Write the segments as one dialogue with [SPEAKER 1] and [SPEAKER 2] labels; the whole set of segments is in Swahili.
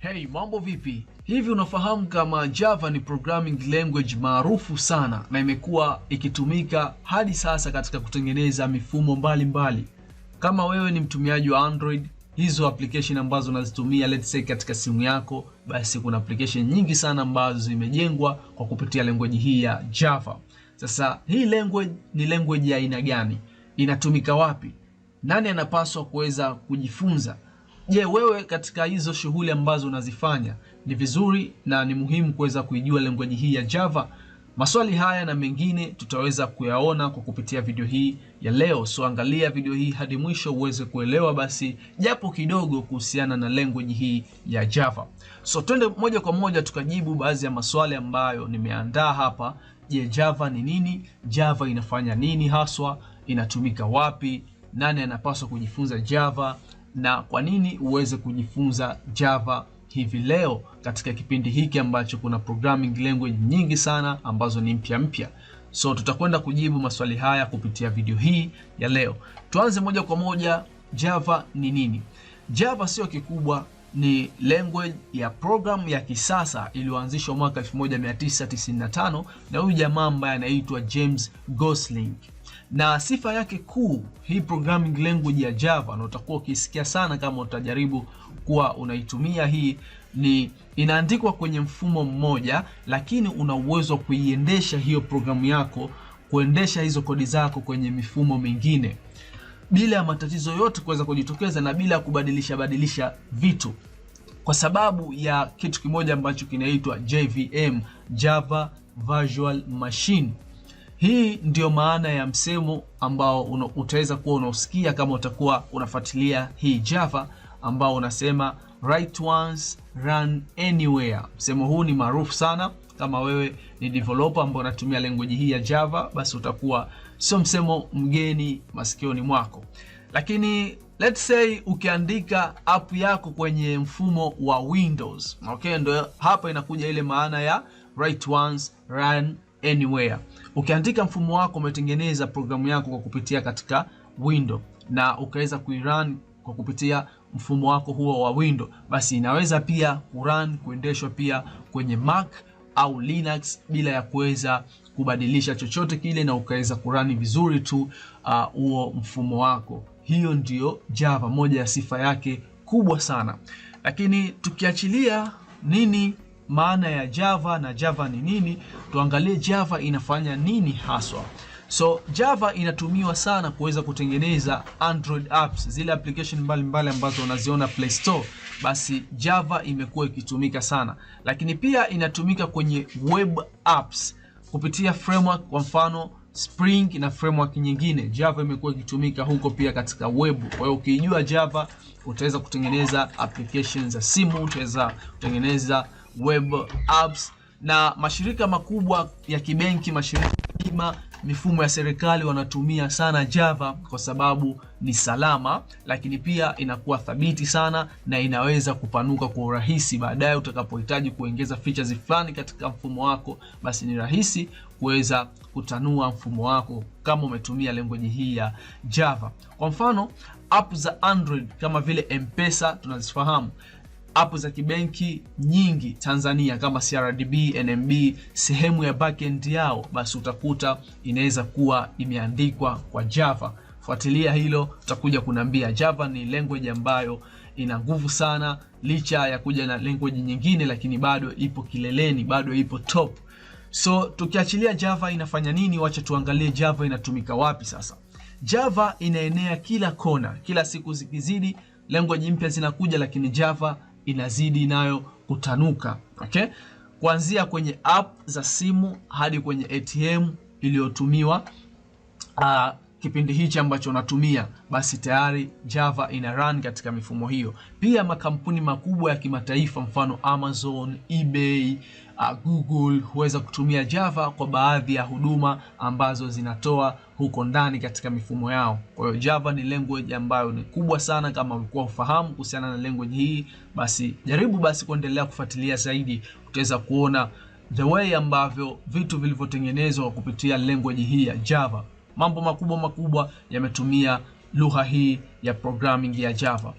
[SPEAKER 1] Hey, mambo vipi? Hivi unafahamu kama Java ni programming language maarufu sana na imekuwa ikitumika hadi sasa katika kutengeneza mifumo mbalimbali mbali. Kama wewe ni mtumiaji wa Android, hizo application ambazo unazitumia let's say katika simu yako, basi kuna application nyingi sana ambazo zimejengwa kwa kupitia language hii ya Java. Sasa hii language ni language ya aina gani? Inatumika wapi? Nani anapaswa kuweza kujifunza? Je, wewe katika hizo shughuli ambazo unazifanya ni vizuri na ni muhimu kuweza kuijua lengwaji hii ya Java? Maswali haya na mengine tutaweza kuyaona kwa kupitia video hii ya leo. So angalia video hii hadi mwisho uweze kuelewa basi japo kidogo kuhusiana na language hii ya Java. So twende moja kwa moja tukajibu baadhi ya maswali ambayo nimeandaa hapa. Je, Java ni nini? Java inafanya nini haswa? Inatumika wapi? Nani anapaswa kujifunza Java? na kwa nini uweze kujifunza Java hivi leo katika kipindi hiki ambacho kuna programming language nyingi sana ambazo ni mpya mpya. So tutakwenda kujibu maswali haya kupitia video hii ya leo. Tuanze moja kwa moja, Java ni nini? Java sio kikubwa, ni language ya program ya kisasa iliyoanzishwa mwaka 1995 na huyu jamaa ambaye anaitwa James Gosling na sifa yake kuu hii programming language ya Java, na utakuwa ukisikia sana kama utajaribu kuwa unaitumia hii, ni inaandikwa kwenye mfumo mmoja, lakini una uwezo wa kuiendesha hiyo programu yako, kuendesha hizo kodi zako kwenye mifumo mingine bila ya matatizo yote kuweza kujitokeza na bila ya kubadilisha badilisha vitu, kwa sababu ya kitu kimoja ambacho kinaitwa JVM, Java Virtual Machine. Hii ndiyo maana ya msemo ambao utaweza kuwa unausikia kama utakuwa unafuatilia hii Java ambao unasema write once run anywhere. Msemo huu ni maarufu sana. Kama wewe ni developer ambao unatumia language hii ya Java, basi utakuwa sio msemo mgeni masikioni mwako. Lakini let's say ukiandika app yako kwenye mfumo wa Windows, okay, ndio hapa inakuja ile maana ya write once run anywhere. Ukiandika mfumo wako umetengeneza programu yako kwa kupitia katika window na ukaweza kuirun kwa kupitia mfumo wako huo wa window, basi inaweza pia kurun kuendeshwa pia kwenye Mac au Linux bila ya kuweza kubadilisha chochote kile, na ukaweza kurani vizuri tu ah, huo uh, mfumo wako. Hiyo ndiyo Java, moja ya sifa yake kubwa sana. Lakini tukiachilia nini maana ya Java na Java ni nini, tuangalie Java inafanya nini haswa. So Java inatumiwa sana kuweza kutengeneza Android apps, zile application mbalimbali ambazo unaziona Play Store, basi Java imekuwa ikitumika sana, lakini pia inatumika kwenye web apps kupitia framework, kwa mfano Spring na framework nyingine. Java imekuwa ikitumika huko pia katika web. Kwa hiyo ukijua Java utaweza kutengeneza application za simu, utaweza kutengeneza web apps na mashirika makubwa ya kibenki, mashirika bima, mifumo ya serikali wanatumia sana Java kwa sababu ni salama, lakini pia inakuwa thabiti sana na inaweza kupanuka kwa urahisi. Baadaye utakapohitaji kuongeza features fulani katika mfumo wako, basi ni rahisi kuweza kutanua mfumo wako kama umetumia lengoji hii ya Java. Kwa mfano, app za Android kama vile mpesa tunazifahamu app za kibenki nyingi Tanzania kama CRDB, NMB, sehemu ya backend yao basi utakuta inaweza kuwa imeandikwa kwa Java. Fuatilia hilo, utakuja kunambia Java ni language ambayo ina nguvu sana, licha ya kuja na language nyingine, lakini bado ipo kileleni, bado ipo top. So tukiachilia Java inafanya nini, wacha tuangalie Java inatumika wapi sasa. Java inaenea kila kona, kila siku zikizidi language mpya zinakuja, lakini Java inazidi nayo kutanuka okay? Kuanzia kwenye app za simu hadi kwenye ATM iliyotumiwa uh, kipindi hichi ambacho unatumia basi tayari Java ina run katika mifumo hiyo. Pia makampuni makubwa ya kimataifa mfano Amazon, eBay Ah, Google huweza kutumia Java kwa baadhi ya huduma ambazo zinatoa huko ndani katika mifumo yao. Kwa hiyo Java ni language ambayo ni kubwa sana. Kama ulikuwa ufahamu kuhusiana na language hii, basi jaribu basi kuendelea kufuatilia zaidi, utaweza kuona the way ambavyo vitu vilivyotengenezwa kupitia language hii ya Java. Mambo makubwa makubwa yametumia lugha hii ya programming ya Java.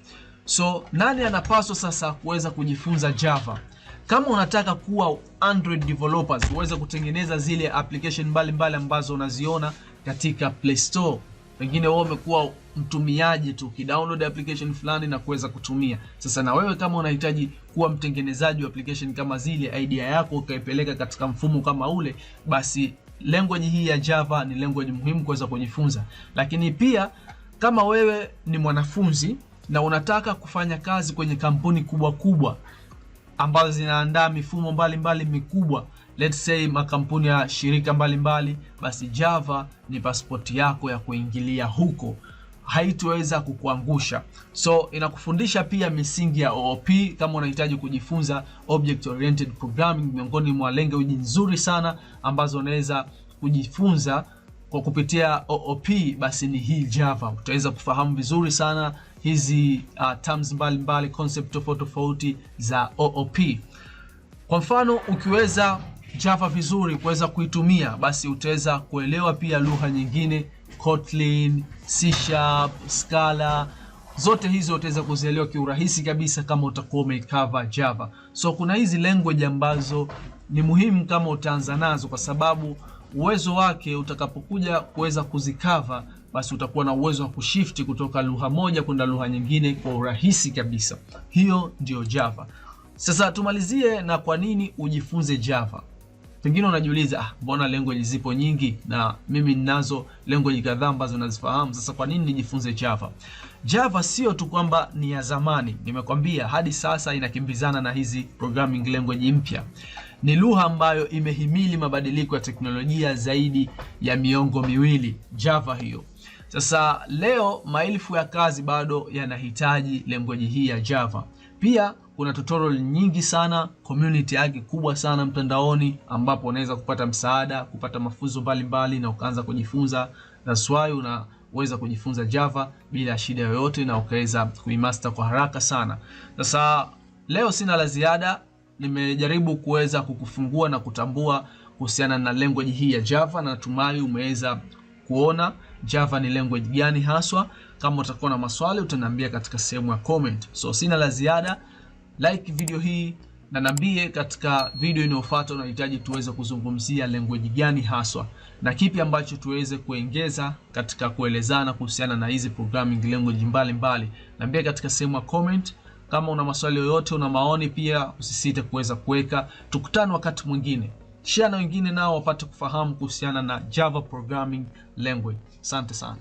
[SPEAKER 1] So nani anapaswa sasa kuweza kujifunza Java? Kama unataka kuwa Android developers uweze kutengeneza zile application mbalimbali mbali ambazo unaziona katika Play Store, pengine wewe umekuwa mtumiaji tu ukidownload application fulani na kuweza kutumia. Sasa na wewe kama unahitaji kuwa mtengenezaji wa application kama zile, idea yako ukaipeleka katika mfumo kama ule, basi language hii ya Java ni language muhimu kuweza kujifunza. Lakini pia kama wewe ni mwanafunzi na unataka kufanya kazi kwenye kampuni kubwa kubwa ambazo zinaandaa mifumo mbalimbali mbali mikubwa, let's say makampuni ya shirika mbalimbali mbali, basi Java ni pasipoti yako ya kuingilia huko, haitoweza kukuangusha. So inakufundisha pia misingi ya OOP kama unahitaji kujifunza object oriented programming, miongoni mwa language nzuri sana ambazo unaweza kujifunza kwa kupitia OOP, basi ni hii Java. Utaweza kufahamu vizuri sana hizi uh, terms mbalimbali concept tofauti tofauti za OOP. Kwa mfano ukiweza Java vizuri kuweza kuitumia, basi utaweza kuelewa pia lugha nyingine Kotlin, C Sharp, Scala zote hizo utaweza kuzielewa kiurahisi kabisa kama utakuwa umeikava Java. So kuna hizi language ambazo ni muhimu kama utaanza nazo, kwa sababu uwezo wake utakapokuja kuweza kuzikava basi utakuwa na uwezo wa kushifti kutoka lugha moja kwenda lugha nyingine kwa urahisi kabisa. Hiyo ndio Java. Sasa tumalizie na kwa nini ujifunze Java. Pengine unajiuliza ah, mbona language zipo nyingi na mimi ninazo language kadhaa ambazo nazifahamu, sasa kwa nini nijifunze Java? Java sio tu kwamba ni ya zamani, nimekwambia hadi sasa inakimbizana na hizi programming language mpya. Ni lugha ambayo imehimili mabadiliko ya teknolojia zaidi ya miongo miwili, Java hiyo. Sasa leo maelfu ya kazi bado yanahitaji lengweji hii ya Java. Pia kuna tutorial nyingi sana, community yake kubwa sana mtandaoni, ambapo unaweza kupata msaada, kupata mafunzo mbalimbali na ukaanza kujifunza. That's unaweza kujifunza Java bila shida yoyote na ukaweza kuimaster kwa haraka sana. Sasa leo sina la ziada nimejaribu kuweza kukufungua na kutambua kuhusiana na language hii ya Java, na natumai umeweza kuona Java ni language gani haswa. Kama utakuwa na maswali utaniambia katika sehemu ya comment. So sina la ziada, like video hii na niambie katika video inayofuata unahitaji tuweze kuzungumzia language gani haswa na kipi ambacho tuweze kuongeza katika kuelezana kuhusiana na hizi programming language mbalimbali. Niambie katika sehemu ya comment. Kama una maswali yoyote, una maoni pia, usisite kuweza kuweka. Tukutane wakati mwingine, share na wengine nao wapate kufahamu kuhusiana na Java programming language. Asante sana.